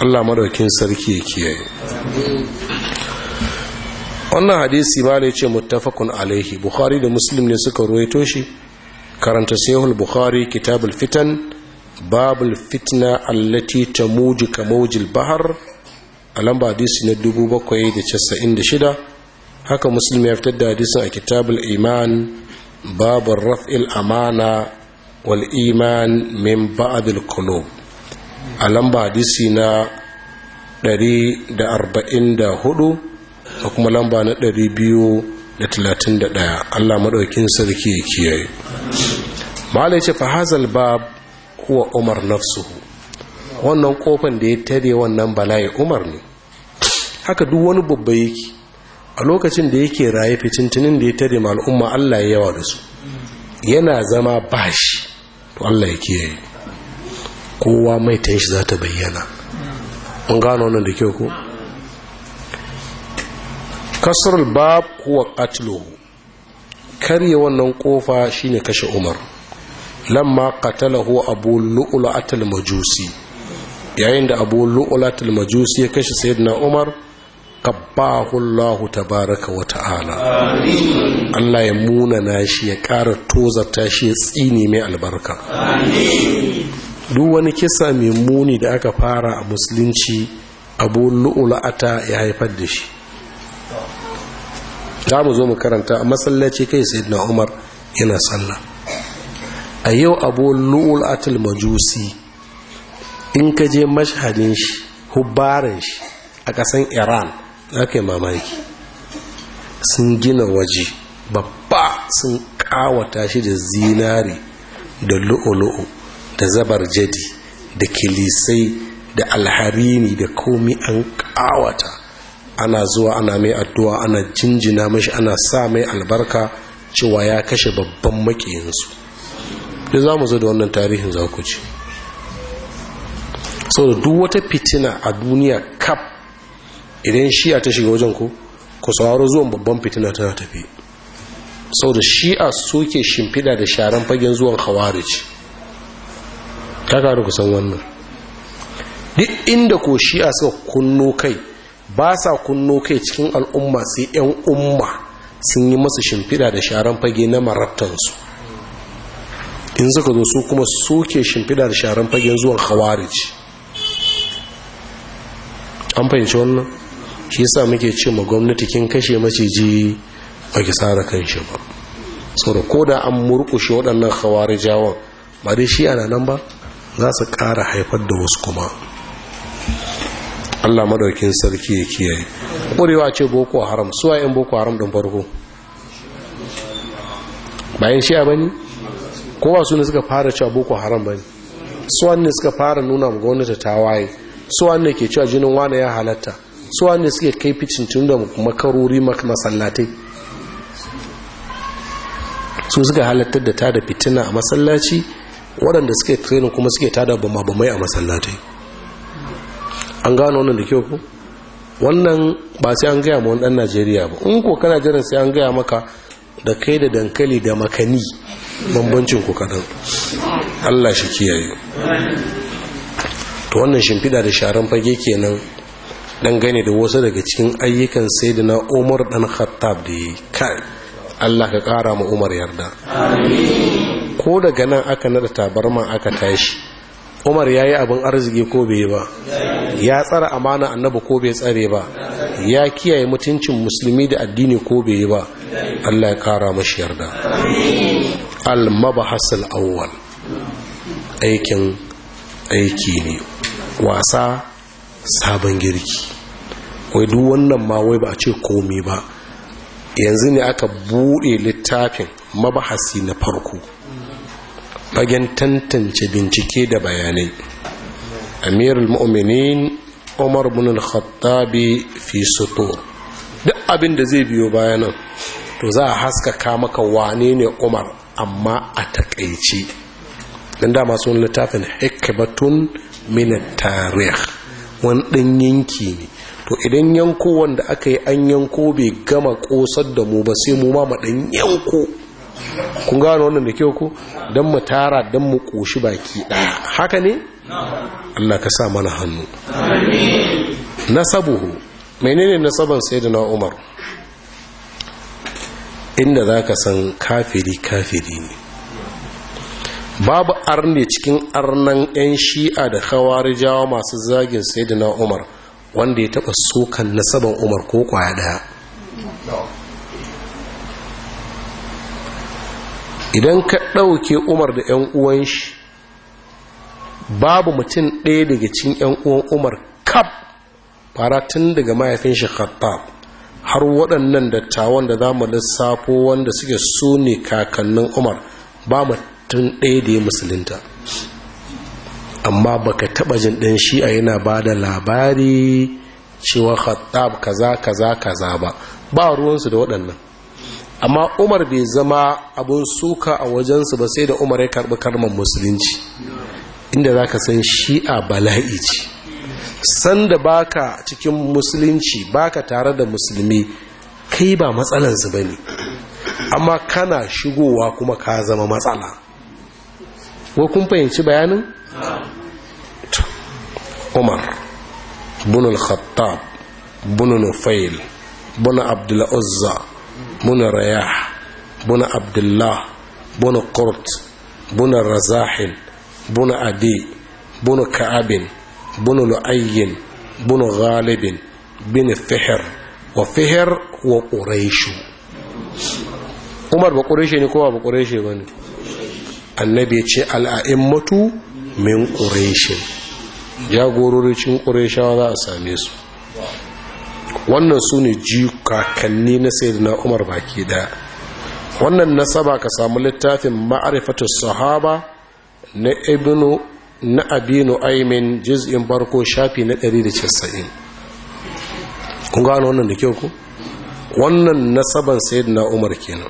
Allah madaukin sarki ya kiyaye wannan hadisi ba ne ce muttafaqun alaihi bukhari da muslim ne suka ruwaito shi karanta sahihul bukhari kitabul fitan babul fitna allati tamuju kamawjil bahar a lamba hadisi na 796 haka muslim ya fitar da hadisin a kitabul iman babul raf'il amana wal iman min ba'dil qulub a lamba hadisi na 144 da kuma lamba na 231 Allah madaukin sarki ya kiyaye ya ce fahazal bab kuwa umar nafsuhu wannan kofan da ya tare wannan bala'i umar ne haka duk wani babba yake a lokacin da yake raye fitintinin da ya tare ma al'umma Allah ya yawa da su yana zama bashi to Allah ya kiyaye kowa mai ta shi za ta bayyana mun gano wannan da kyau ko kasar bab kuwa qatluhu karye wannan kofa shine kashe umar lamma qatalahu abu lu'lu'atul majusi yayin da abu lu'lu'atul majusi ya kashe sayyidina umar kabbahu Allah tabaraka wa ta'ala Allah ya munana shi ya ƙara tozarta shi ya tsine mai albarka duk wani kisa mai muni da aka fara a musulunci abu lu'lu'ata ya haifar da shi za mu zo mu karanta a masallaci kai sayyidina umar yana sallah a yau abu lu'ul atul majusi in ka je mashhadin shi hubbarin shi a ƙasan iran za ka yi mamaki sun gina waje babba sun ƙawata shi da zinari da lu'ulu'u da zabar jadi da kilisai da alharini da komi an ƙawata ana zuwa ana mai addu'a ana jinjina mashi ana sa mai albarka cewa ya kashe babban makiyinsu da za mu zo da wannan tarihin za ku ci sau da duk wata fitina a duniya kap idan shi'a ta shiga wajen ku ku sauraro zuwan babban fitina tana tafi sau da shi'a soke shimfiɗa da sharan fagen zuwan hawarici ta karu kusan wannan duk inda ko shi'a suka kunno kai ba sa kunno kai cikin al'umma sai 'yan umma sun yi masu shimfiɗa da sharan fage na marabtansu in suka zo su kuma soke shimfiɗa da sharan fagen zuwan khawarij an fahimci wannan shi yasa muke ce ma gwamnati kin kashe maciji ba ki sara kanshi ba saboda ko da an murkushe waɗannan khawarijawan ba dai shi ana nan ba za su ƙara haifar da wasu kuma Allah madaukin sarki ya kiyaye ƙurewa ce boko haram suwa yin boko haram ɗin farko bayan shi a bane ko ba su ne suka fara cewa boko haram ba ne suwan ne suka fara nuna ga wani tawaye suwan ne ke cewa jinin wane ya halatta suwan ne suke kai fitin tun da makarori masallatai su suka halattar da tada fitina a masallaci waɗanda suke training kuma suke tada bama-bamai a masallatai an gano wannan da kyau ku wannan ba sai an gaya ma wani ɗan najeriya ba in ko kana jiran sai an gaya maka da kai da dankali da makani bambancin ku kadan Allah shi kiyaye to wannan shimfida da sharan fage kenan gane da wasu daga cikin ayyukan sayyidina Umar dan Khattab da yi kai Allah ka kara ma Umar yarda amin ko daga nan aka nada tabarma aka tashi Umar yayi abin arziki ko bai ba ya tsara amana annabi ko bai tsare ba ya kiyaye mutuncin musulmi da addini ko bai ba Allah ya kara mashi yarda amin al-mabahas al-awwal aikin aiki ne wasa sabon girki wai duk wannan ma wai ba a ce komi ba yanzu ne aka buɗe littafin mabahasi na farko fagen tantance bincike da bayanai amirul mu'minin umar bin al-khattabi fi sutur duk abin da zai biyo bayanan to za a haskaka maka wane ne umar amma a takaici don dama sun littafin hikmatun min tarih wani ɗan yanki ne to idan yanko wanda aka yi an yanko bai gama kosar da mu ba sai mu ma ɗan yanko kun gano wannan da kyau ko don mu tara don mu ƙoshi baki ɗaya haka ne allah ka sa mana hannu nasabuhu menene nasaban sai da na umar inda za ka san kafiri kafiri ne babu arne cikin arnan 'yan shi'a da jawo masu zagin sayyidina umar wanda ya taba sukan nasaban umar ko kwaya daya idan ka ɗauke umar da 'yan uwan shi babu mutum ɗaya daga cikin 'yan uwan umar kaf fara tun daga mahaifin shi khattab har waɗannan dattawan da za mu lissafo wanda suke so ne kakannin umar ba tun ɗaya da ya musulunta amma baka taɓa jin ɗan shi'a yana ba da labari cewa khattab kaza kaza kaza ba ba ruwansu da waɗannan amma umar bai zama abin suka a wajensu ba sai da umar ya karɓi kalmar musulunci inda za ka san shi'a bala'i ce sanda baka cikin musulunci baka tare da musulmi kai ba matsalansu ba ne amma kana shigowa kuma ka zama matsala ko kun fahimci bayanin? umar bunul khattab bunu nufail bunu abdul'uzza bunu rayah bunu abdullah bunu kurt bunu razahil bunu adi bunu ka'abin bunu lu'ayyin bunu ghalibin bin fihir wa fihir wa ƙureshu umar ba ƙureshe ne kowa ba ƙureshe ba ne annabi ya ce al'a'immatu min ƙureshe jagororicin ƙureshawa za a same su wannan su ne ji kakanni na sayyidina umar baki daya wannan nasaba ka samu littafin ma'arifatar sahaba na ibnu na abinu aimin jiz'in barko shafi na 190 kun gano wannan da kyau ku wannan nasaban sayyidina umar kenan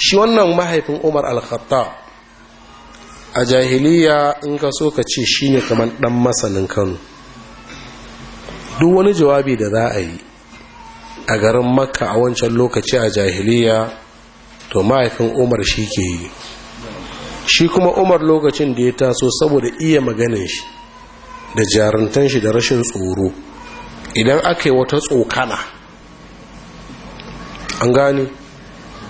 shi wannan mahaifin umar al khatta a jahiliya in ka so ka ce shine kamar dan masanin kano duk wani jawabi da za a yi a garin makka a wancan lokaci a jahiliya to mahaifin umar shi ke yi shi kuma umar lokacin da ya taso saboda iya maganin shi da jarantan shi da rashin tsoro idan aka yi wata tsokana an gani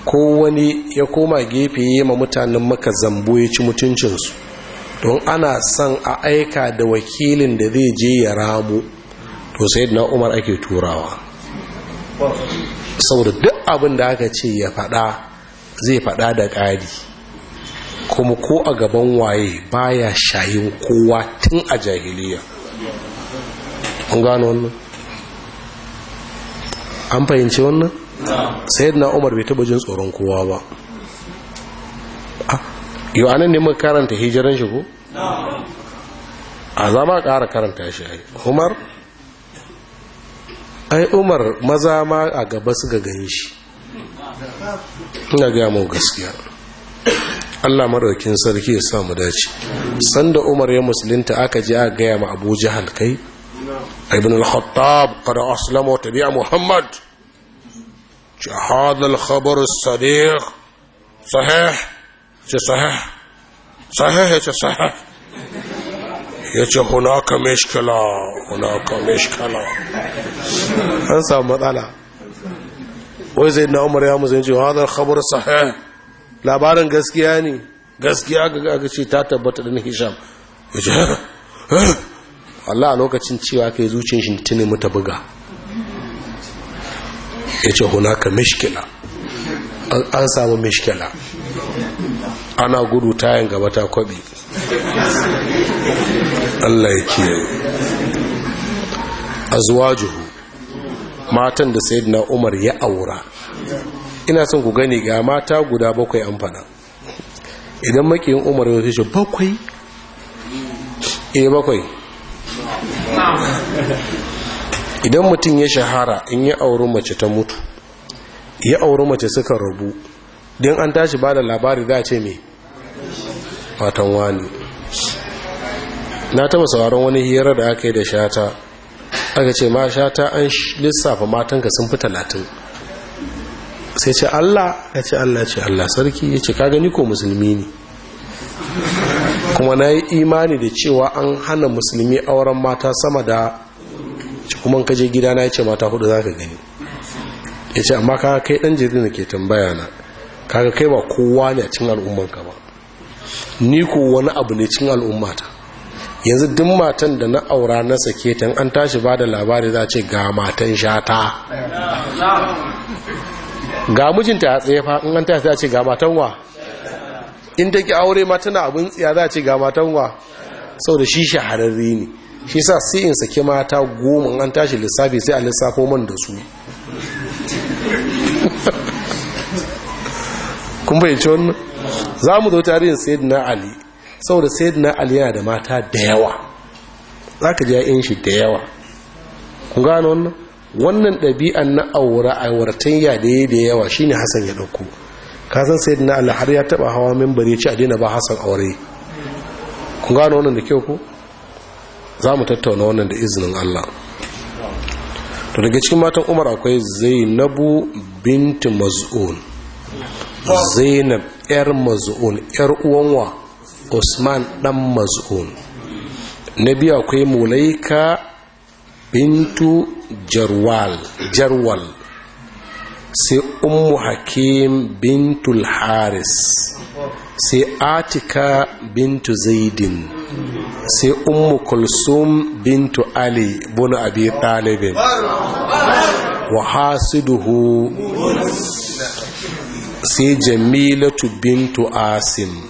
ko wani ya koma gefe ya ma mutanen maka zambo ya ci mutuncinsu don ana son a aika da wakilin da zai je ya ramu to sai na umar ake turawa saboda duk abin da aka ce ya fada zai fada da ƙari kuma ko a gaban waye baya shayin kowa tun a jahiliya an gano wannan an fahimci wannan na umar bai taba jin tsoron kowa ba ah, yau anan ne muka karanta hijiran shi ko a zama kara karanta shi ai umar ai umar maza ma a gaba suka gani shi ina gaya mu gaskiya Allah maraukin sarki ya sa mu dace sanda Umar ya musulunta aka je aka gaya ma Abu Jahal kai ibn al-Khattab qad aslama tabi'a Muhammad ce hadha al-khabar as-sadiq sahih ce sahih sahih ce sahih yace hunaka mishkala hunaka mishkala an samu matsala wai zai na Umar ya musulunci hadha al-khabar sahih labarin gaskiya ne gaskiya ga ce ta tabbata ɗin hisham ya ce Allah a lokacin cewa yi zuciyar shi tuni mu ta buga ya ce hunaka mishkila an samu mishkila ana gudu tayan gaba ta kwabi Allah ya kiyaye juhu. matan da na Umar ya aura ina son ku gani ga mata guda bakwai an fada idan makiyin umar ya shi bakwai eh bakwai idan mutum ya shahara in yi auren mace ta mutu ya auri mace suka rabu don an tashi ba da labari za ce mai fatan wani na taba sauraron wani hira da aka yi da shata aka ce ma shata an lissafa matanka sun fi talatin sai ce Allah ya ce Allah ce Allah sarki ya ce ka gani ko musulmi ne kuma na yi imani da cewa an hana musulmi auren mata sama da kuma kaje gida na ya ce mata hudu za ka gani ya ce amma kaga kai dan jirgin da ke tambaya na kaga kai ba kowa ne a cin al'ummanka ba ni ko wani abu ne cin al'ummata yanzu duk matan da na aura na sake ta an tashi ba da labari za ce ga matan shata ga mijinta ya tsaye fa in an ta za ce ga matanwa in ta aure ma tana abin tsiya za ce ga matanwa sau da shi shahararri ne shi sa sai in saki mata goma an tashi lissafi sai a lissafo man da su (laughs) kun bayyace wannan za mu zo tarihin sayyidina ali saboda sayyidina ali yana da mata da yawa za ka ji ya'yan shi da yawa kun gano wannan wannan ɗabi'an na aura a da ya da yawa shi ne Hassan ya ɗauko kasan sayyidina ali har ya taɓa hawa mimbar ya ci a daina ba hassan aure kun gano wannan da kyau ku? za mu tattauna wannan da izinin allah to daga cikin matan umar akwai zainabu binti maz'un zainab yar maz'un yar uwanwa usman dan maz'un na biyu akwai mulaika bintu jarwal jarwal sai ummu hakim bintul haris sai atika bintu zaidin sai ummu kulsum bintu ali bunu abi talibin wa hasiduhu sai jamilatu bintu asim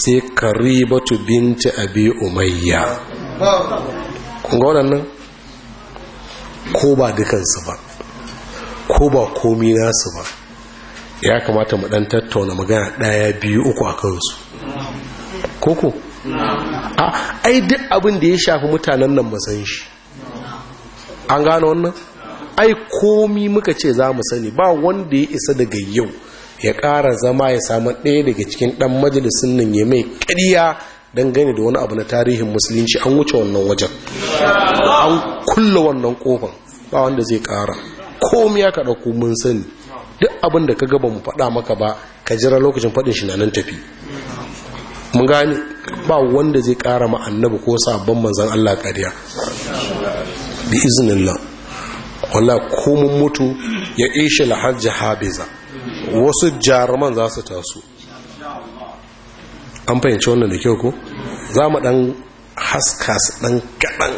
sai karibatu bintu abi umayya kun ga waɗannan ko ba dukansu ba ko ba komi nasu ba ya kamata mu dan tattauna magana daya biyu uku a kansu koko a ai duk abin da ya shafi mutanen nan masan shi an gano wannan ai komi muka ce za mu sani ba wanda ya isa daga yau ya ƙara zama ya samu ɗaya daga cikin ɗan majalisun nan ya mai ƙarya dangane da wani abu na tarihin musulunci an wuce wannan wajen an kulle wannan kofan ba wanda zai kara komai ya ku mun sani duk abin da ka gaba mu faɗa maka ba ka jira lokacin faɗin shi na nan tafi mun gane ba wanda zai kara ma annabi ko sabon manzan Allah kariya. bi iznillah wala ko mun mutu ya ishe lahajja habiza wasu jaruman za su taso an fahimci wannan da kyau ko za mu dan haska su dan kaɗan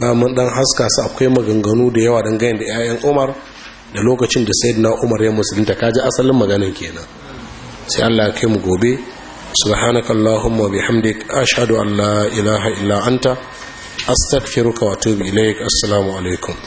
na mun dan haska su akwai maganganu da yawa don gayan da 'ya'yan umar da lokacin da sayid na umar ya musulunta kaji asalin maganin kenan sai allah kai mu gobe subhanaka allahumma bihamdik ashhadu an la ilaha illa anta astaghfiruka wa atubu ilaik alaikum